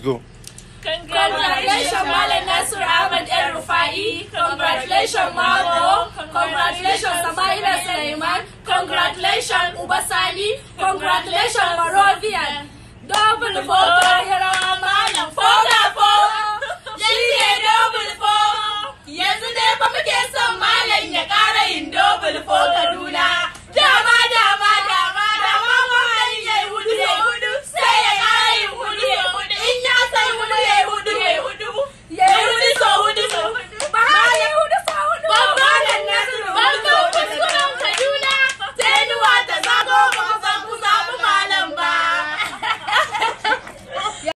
Go. Congratulations, Malin Nasir Ahmed El Rufai. Congratulations, Maro. Congratulations, Samaila Suleiman. Congratulations, Ubasani. Congratulations, Moravian. Double Double four, Malam. Four, four. She double four. Yesterday, Pamela.